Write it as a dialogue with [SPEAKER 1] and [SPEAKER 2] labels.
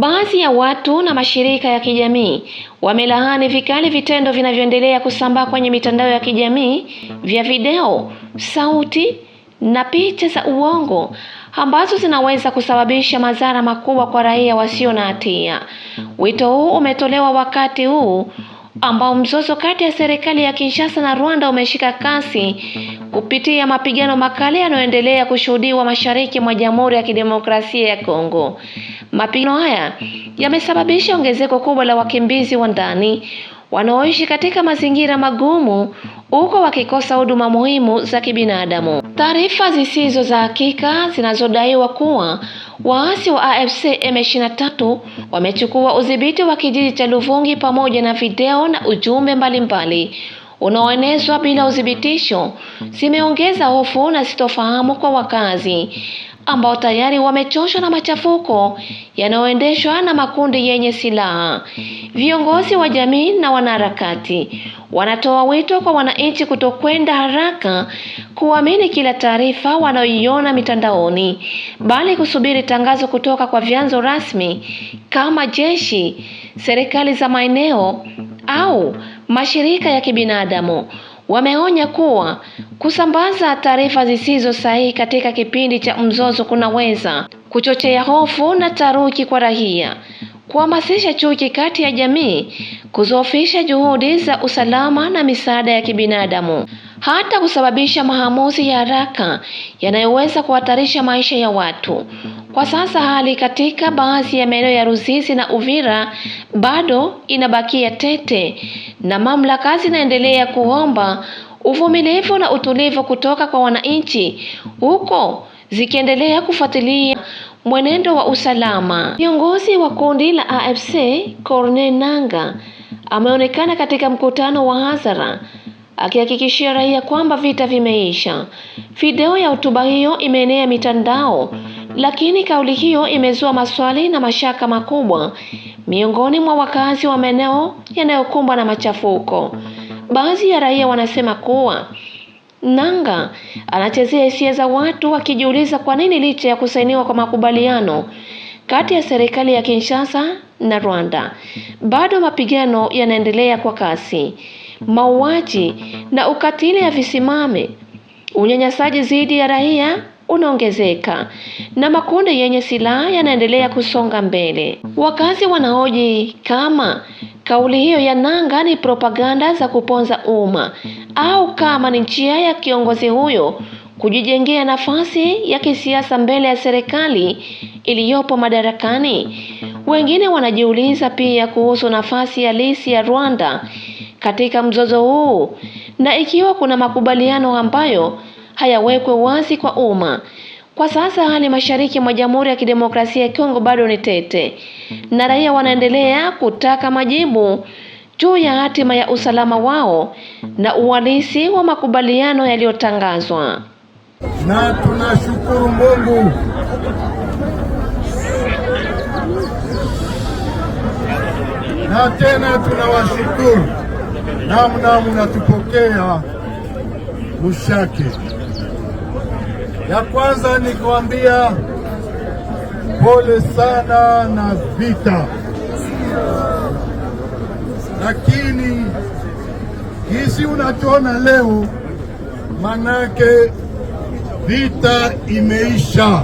[SPEAKER 1] Baadhi ya watu na mashirika ya kijamii wamelaani vikali vitendo vinavyoendelea kusambaa kwenye mitandao ya kijamii vya video, sauti na picha za uongo ambazo zinaweza kusababisha madhara makubwa kwa raia wasio na hatia. Wito huu umetolewa wakati huu ambao mzozo kati ya serikali ya Kinshasa na Rwanda umeshika kasi kupitia mapigano makali yanayoendelea kushuhudiwa mashariki mwa Jamhuri ya Kidemokrasia ya Kongo. Mapigano haya yamesababisha ongezeko kubwa la wakimbizi wa ndani wanaoishi katika mazingira magumu huko wakikosa huduma muhimu za kibinadamu. Taarifa zisizo za hakika zinazodaiwa kuwa waasi wa AFC M23 wamechukua udhibiti wa kijiji cha Luvungi pamoja na video na ujumbe mbalimbali unaoenezwa bila uthibitisho zimeongeza hofu na sitofahamu kwa wakazi ambao tayari wamechoshwa na machafuko yanayoendeshwa na makundi yenye silaha. Viongozi wa jamii na wanaharakati wanatoa wito kwa wananchi kutokwenda haraka kuamini kila taarifa wanayoiona mitandaoni, bali kusubiri tangazo kutoka kwa vyanzo rasmi kama jeshi, serikali za maeneo au mashirika ya kibinadamu. Wameonya kuwa kusambaza taarifa zisizo sahihi katika kipindi cha mzozo kunaweza kuchochea hofu na taruki kwa raia, kuhamasisha chuki kati ya jamii, kuzoofisha juhudi za usalama na misaada ya kibinadamu, hata kusababisha maamuzi ya haraka yanayoweza kuhatarisha maisha ya watu. Kwa sasa hali katika baadhi ya maeneo ya Ruzizi na Uvira bado inabakia tete na mamlaka zinaendelea kuomba uvumilivu na utulivu kutoka kwa wananchi huko zikiendelea kufuatilia mwenendo wa usalama. Viongozi wa kundi la AFC Corne Nanga ameonekana katika mkutano wa hadhara akihakikishia raia kwamba vita vimeisha. Video ya hotuba hiyo imeenea mitandao lakini kauli hiyo imezua maswali na mashaka makubwa miongoni mwa wakazi wa maeneo yanayokumbwa na machafuko. Baadhi ya raia wanasema kuwa Nanga anachezea hisia za watu, wakijiuliza kwa nini licha ya kusainiwa kwa makubaliano kati ya serikali ya Kinshasa na Rwanda, bado mapigano yanaendelea kwa kasi. Mauaji na ukatili visimame, unyanyasaji dhidi ya raia unaongezeka na makundi yenye silaha yanaendelea kusonga mbele. Wakazi wanaoji kama kauli hiyo ya nanga ni propaganda za kuponza umma au kama ni njia ya kiongozi huyo kujijengea nafasi ya kisiasa mbele ya serikali iliyopo madarakani. Wengine wanajiuliza pia kuhusu nafasi halisi ya Rwanda katika mzozo huu na ikiwa kuna makubaliano ambayo hayawekwe wazi kwa umma. Kwa sasa hali mashariki mwa Jamhuri ya Kidemokrasia ya Kongo bado ni tete na raia wanaendelea kutaka majibu juu ya hatima ya usalama wao na uhalisi wa makubaliano yaliyotangazwa.
[SPEAKER 2] Na tunashukuru Mungu na tena tunawashukuru namna mnatupokea Mushake. Ya kwanza ni kuambia pole sana na vita, lakini hisi unachoona leo, manake vita imeisha.